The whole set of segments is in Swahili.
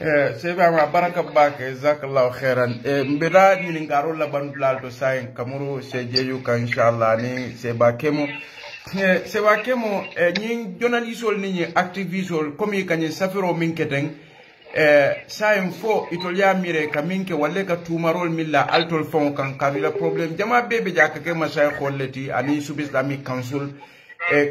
Eh, sebe ama baraka bake jazakallahu khairan eh, mbira ɲiningaro labandulal to sayin kamuru sejeju ka inchallah ni seba kemu eh, seba kemu ñin journalisol ni ñin activisol comme ka safiro min keten sayin fo itol mire ka walle ka tumarol min altol fon kan kabila problème jama bebe jaka ke masayin holleti ani sub islamique council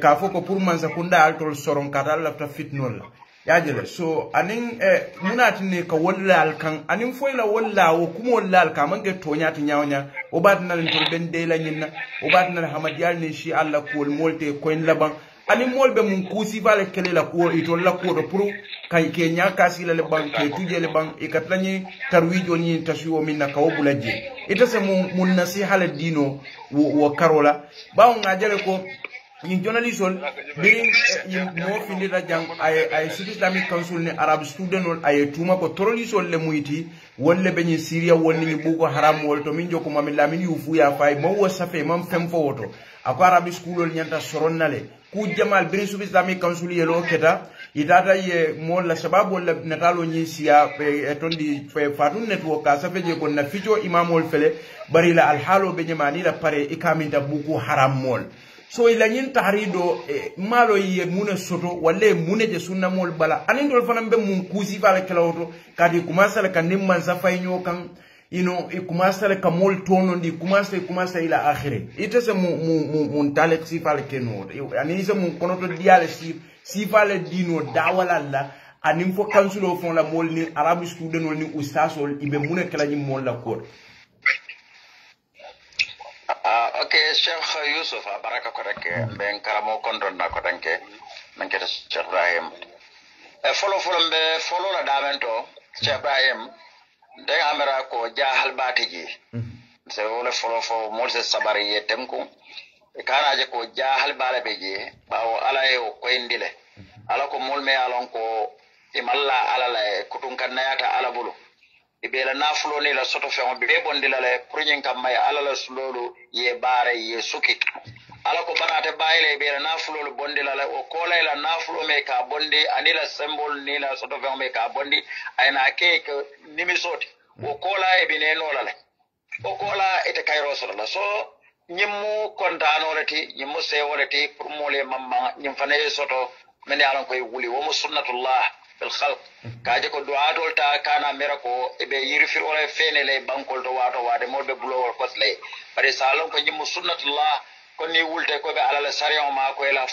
ka fo ko pour mansa kunda altol soron kata lafta fitnol ya jira so anin eh muna ne ka walla alkan anin foila walla wo kuma walla alkan man ga tonya tin yawnya o ba tunan to ben de la nyinna o ba tunan hamad yal ne shi allah ko molte ko in laban anin molbe mun kusi bale kele la ko ito la ko da pro kay ke nya kasi la laban ban ke tuje le ban e katlani tarwijo ni tashiwo na ka wobula je ita se mun nasiha la dino wo karola bawo ngajere ko yin journalism birin mo findi da jang ay ay city islamic council ne arab student ay tuma ko terrorism le muyti wolle be ni syria wonni ni bugo haram wol to min jokuma min lamin yufu ya fay mo wasafe mam fem fo woto ako arab school ol nyanta soronnale ku jamal birin sub islamic council yelo keta itata ye molla sababu la natalo nyi siya e tondi fe fatun network ka safe je kon na fijo imamol fele bari la alhalo be nyamani la pare ikaminta bugu haram mol so ila ñin tahari do eh, malo ye mune soto walle mune je sunna mol bala anin dol fana be mun kusi bala kelawto kadi commence la kanim man sa fayño kan ino i commence la ka mol tono ndi commence commence ila akhire ite se mu mu mun talek si fala keno anin se mun kono to diale si si fala dino dawala la anin fo kansulo fon la mol ni arabu student ni ustasol ibe mune kala ñim mol la kodo ah, ok cheikh yusuf a ah, baraka koɗanke eh, mbin mm. karamo kondonna koɗanke min kete cheikh brahim e eh, folo folo mbe folola ɗamen to cheikh brahim nden amira ko jahal batiji mm. se wole folo fo molse sabari yettem ku e kanaje ko jahal baleɓe je ɓawo ala e koyndile mm. ala ko molme alon ko imalla e alala e kutum kannayata ala ɓolo ibe la nafulo ni la soto feŋo be bondila la pour ñiŋ kamma ye la suloolu ye baara ye suki ala ko barate bayile ibe la nafulolu bondila la o kola la nafulo me ka bondi ani la symbol ni la soto feŋo me ka bondi ayna ke ke nimisoti o kola e bine nola le o kola ite kayro soto la so ñiŋ mu kontano le ti ñiŋ mu sewo le ti pour moolu ye mamma ñiŋ fana soto mene alan koye wuli wo sunnatullah fil halk kaje ko duwatol ta kana mera ko ɓe yirifir ola fene ley bankol to wato wade molɓe bulowol kosley bari salon ko jimmo sunnatullah konni wulte koɓe alala sarion ma ko ela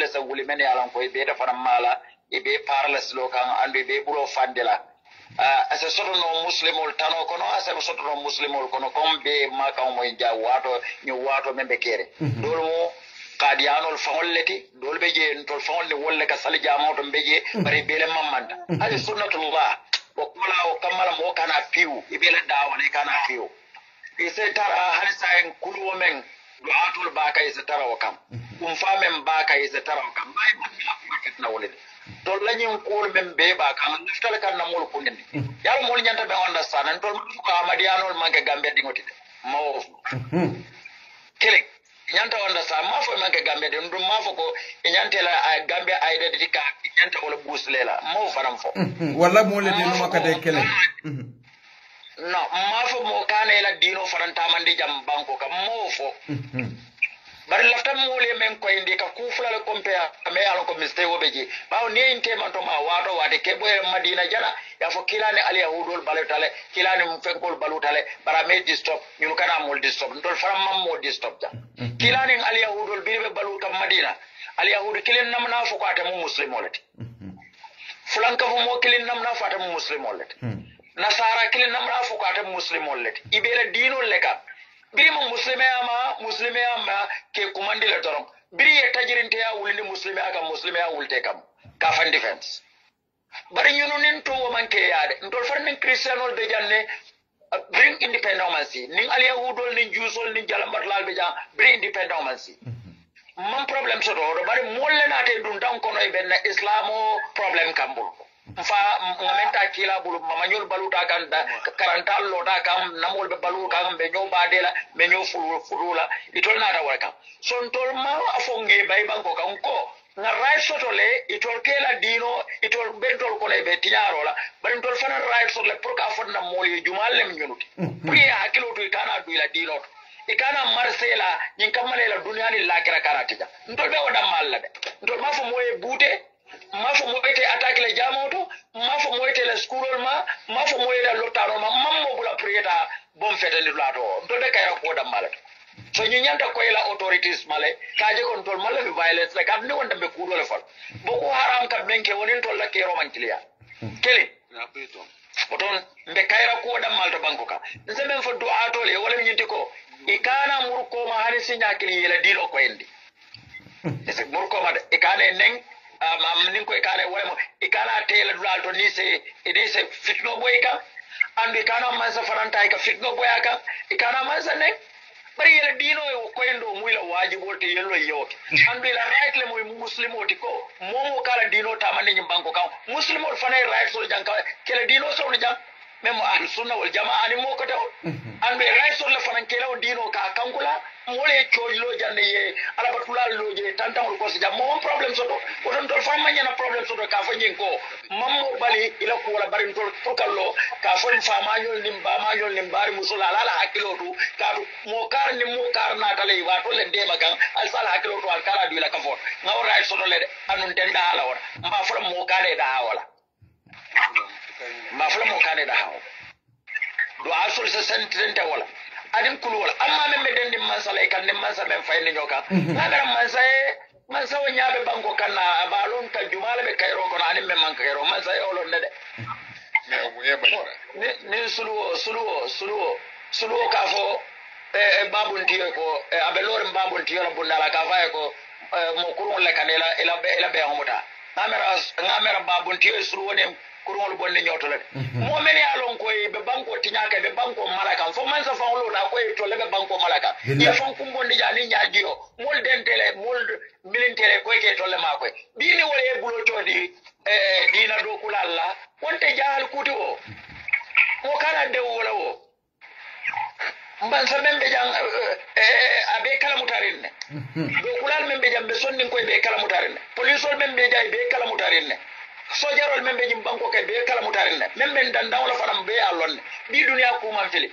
le sa wuli men yalan e koye ɓeyta fana mala eɓe parla silo kan andu ɓe ɓuuro fandela la asa sotono muslimol tano kono asa sotono muslimol kono comme ɓe makan moye ja wato ño wato men ɓe keere ɗol mhm. mo kaadiyanol faŋol le ti doolu be jee tol faŋol wolle ka sali jaamoo to mbe jee bari beele mammanta hali sunnatullah wo kumala wo kammala moo kana piiwu i e be la daawala kana piiwu i e se tara hali sayen kuluwo meŋ du'aatol baaka i e se tara wo kam ɗum faa meŋ baaka i se tara wo kam mayi bamila kuma ketina wo le de tol la ñiŋ kuwolu meŋ bee baa kaŋ leftale kaŋ na moolu kundindi ye ala moolu ñanta beŋol na saana ntol ko amadiyanol maŋ ke gambe diŋo ti mawo hmm. kiliŋ ñanta wanda sa mafo manke gambe de ndum mafo ko ñante la gambe identity ka nyanta wala busle la mo faram fo mm, mm, wala mo le de maka de kele mm. no mafo mo kane la dino faranta mande jam banko ka mo fo tam mo le men ko ndi ka le compe me ala ko miste woɓe baw ɓaw ni en temanto ma wato wade boye madina jana yafo kilani ali yahudol balotale kilani fenkol balutale bara me disturb ñun kana mol disturb ntol fana mam mo disturb ja mm-hmm. kilani ali yahudol biribe balu kam madina ali yahudu kilin namna fo ko atamu muslimol ti mm-hmm. fulanka fo mo kilin namna fo atamu muslimol mm-hmm. nasara kilin namna fo ko atamu muslimol ti ibele dinol le kan birima muslimeyama muslimeyama ke kumandi le doron biri ye tajirinteya wulindi muslimeya kam muslimeya wulte kam ka defense bari ñunu nin to womanke yaade ntol far min christianol be janne bring independence nin alyahudol nin juusol nin jalambatlal be jan bring independence mhm. man problème soto oɗo bari molle naate ɗum tan kono e ɓenna islamo problème kambol mfa ngamenta kila bulu mamañol baluta kan karantal lota kam namol ɓe balu kam ɓe ño badela ɓe ño fulula itol naata wara kam so ntol ma a fonge baybanko kan ko na right soto le itol kela dino itol diñaaro la bari ntol fana right sur le pour ka fonna mool ye jumal lem ñunuti mm, mm. pour ye hakkilo to i kana duy la diinoo to i kana marse la ñiŋ kammale la duniya ni tija ntol be wo dammaal la de ntol maa fo moo ye buute fo moo ite attaque le jaamoo to maa fo moo ite le skulol ma maa fo moo yeta lottaanoo ma maŋ moo bula pour yeta bon fetandi laa to be kayira kuwo dammaa la so ñiŋ ñanta koyila authorities male ka je kon tol malla violence la kaatu ni wonta mbe kuuɗole fol boko haram kam men ke tol la keero mankiliyaa kele otoon mbe kayra kuwoɗammal to banko kam nse men fo du'atole e wala ñinti ko i kana murkoma hani siñakini yela diino ko en di ese murkoma de i e neng ah, nin ko i kana e walemo i kana teyla dulal to ni se ni se fitno ɓoyi kam andu i kana mansa fananta ka fitno ɓoya kam i mansa neng ɓayira ɗino e koyenɗo mwila waji te yello yoke ambila right le moye muslimo ti ko momo kala dino tamani banko kan muslimo to right so jang kala kele dino sowno jang même mo ahlu sunna wal jamaa animo kata o andu e raysolle fanan kela o diino ka kankula wole coojilo jande ye alabatulaallo je tantaŋol kosa jam mo won probléme soto woton tol fan mañana probléme soto ka foñin ko mammo bali ila ko wala barintol pukallo ka foñ famañol nin bamañol nin mbaari musola ala ala hakkilo tu kaatu mo kar nin mo kar nataley watolle deema kan al sala hakkilo to al kala duila kafoto ŋawo ray soto le anun den da hala mba fola mo kaade da wala ma fula mo kane da hawo do alfol sa sentren ta wala adin kulu wala amma men me den man sala e kan man sala men fayne nyoka mhm. na garan man sa e mansa sa wonya banko kana balon ta jumala be kairo kono anin men man kairo man sa e olon ne de ne suluwo suluwo suluwo suluwo ka fo e, e babuntiyo e ko e aɓe lorin babuntiyola bundala ka faye ko mo kurun le kan ila ila ɓe homuta ngamera ngamera babuntiyo suluwo nem kurol bonne nyoto le mo mene alon ko be banko tinyaka be banko malaka fo man sa fa ulo na ko to le be banko malaka ye fon kum bonde jani nyaadio mol dentele mol milintele koy ke to le ma eh, eh, eh, mhm. ko bini wole bulo chodi e dina do kulalla wonte jahal kuti o mo kala de wala o mbansa men ɓe jam abe kala mutarin ne dow kulal men ɓe jam ɓe sonnin koye ɓe kala mutarin ne policeol men ɓe jay ɓe kala mutarin ne sojarol men ɓe jim banko kay ɓe kala mutaren nden men ɓen dandawla fanam ɓe allonne ɗi duniya kuman fili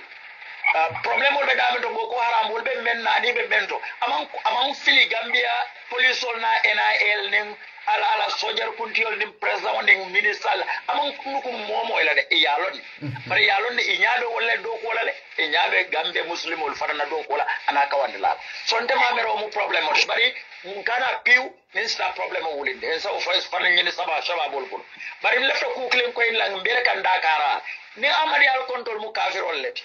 ah, probléme ol ɓe ɗamen to boko haram wol ɓe men nani ɓe ɓen to aman aman fili gambiya police ol na nil nin ala ala sojar kuntiyol nin president wonde ministre ala aman nuku momo ila de iyalon mhm. bar iyalon de inyabe wala do ko wala e nyabe gambe muslimol farana do ko wala ana kawande la sonte ma mero mu problem o bari kana piu min sta o wulinde en sa o fas fanan nyini saba shababul kun bari lefto ku klen koy lang mbere kan dakara ni amadi al control mu kafir ollete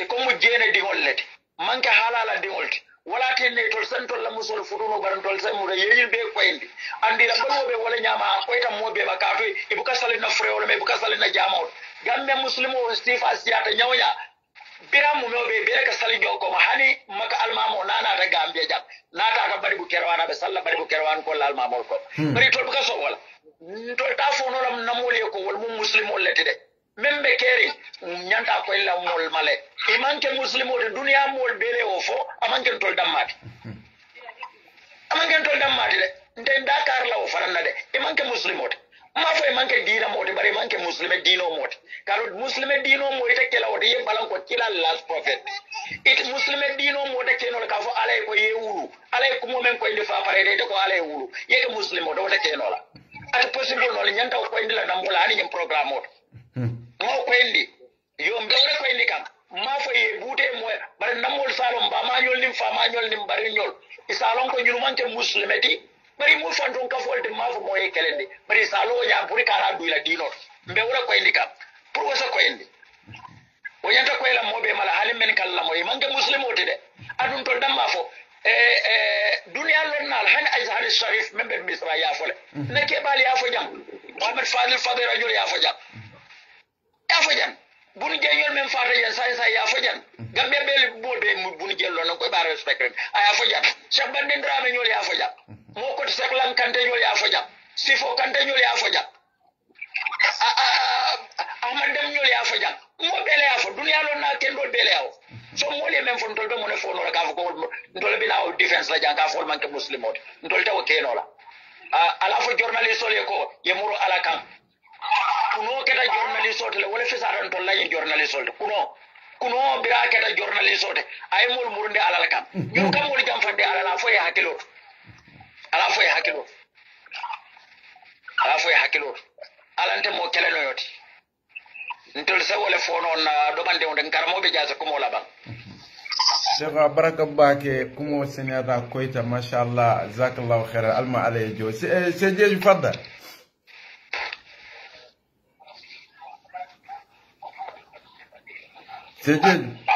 e ko mu jene di ollete manke halala di ollete wala tenne tol sen tol la musol fuduno baran tol sen mu yeyin be ko indi andi la bawo be wala nyama ko tam mo be bakato e buka sale na fure wala me buka sale na jamaw gambe muslimo o stifa siyata nyawnya bira mu no be be ka sale joko ma hani maka almamo nana ta gambe jam nata ka bari bu kerwana be salla bari bu kerwan ko almamo ko bari tol buka so wala tol ta fo no lam namole ko wal mu muslimo letide min be keri ñanta koye mool male imanke muslim ode duniya mool bele wo fo amanken tol dammati amanken tol dammati de nte dakar karla o fananna de imanke muslim ode ma fo imanke dina mode bari imanke muslime dino mode kalo muslime dino mo ite kela ode ye balan ko kila last prophet ite muslime dino mode kenol ka fo ala ye ko ye wulu ala ye kumo ko koyndi fa pare ite ko ala ye wulu ye ke muslim ode ode kenola ate possible nol ñanta ko koyndi la dambola ani nyam programme ode mo koyndi yo mbewre koyndi kam ma fo ye buute moy bare namol salon bamañol nin famañol nin bariñol i salon ko ñurumante muslime ti bari mu fanton kafolde ma fo moye kelendi bari salo o ña buri kala duyla dinot mbewre koyndi kam pour wosa koyndi o ñanta koyla moɓe mala haali men kallamo e manke muslime oti de aɗum to damma fo duniya lonnal hani azhari sharif men ɓe misra yafole ne keɓali yafo jam mohamed fadil fadel radiol yafo jam yafojan bunu je yol men fata jen say say yafojan mm-hmm. gambe beli bolbe bunu je lon ko ba respect rek ah, bandi shabande drame nyol yafojan mo ko seklan kante nyol yafojan sifo kante nyol yafojan ahmad dem ñol ya fa mo bele ya fa dunya lon na ken do bele yaw so mo le men fon tol be mo ne fon ka fa ko ndol bi la defense la jang ka fon man ke muslimo ndol taw ke no la ah, ala fa journaliste le ko ye muro tela wala fisaton to lañi journaliste olde kuno kuno bira keta journaliste ode ay mol murunde alala kam ñum kam woni jam fande alala fo e hakkiloto ala fo e hakkiloto ala fo e hakkiloto alante mo kelenoyoti ntol sa wala fo noon ɗoɓande onde karamoɓe jasa kumo laɓan شيخ بركة باك كمو سنة كويتا ما شاء الله جزاك الله خير الما عليه جو سجيج فضل 这这。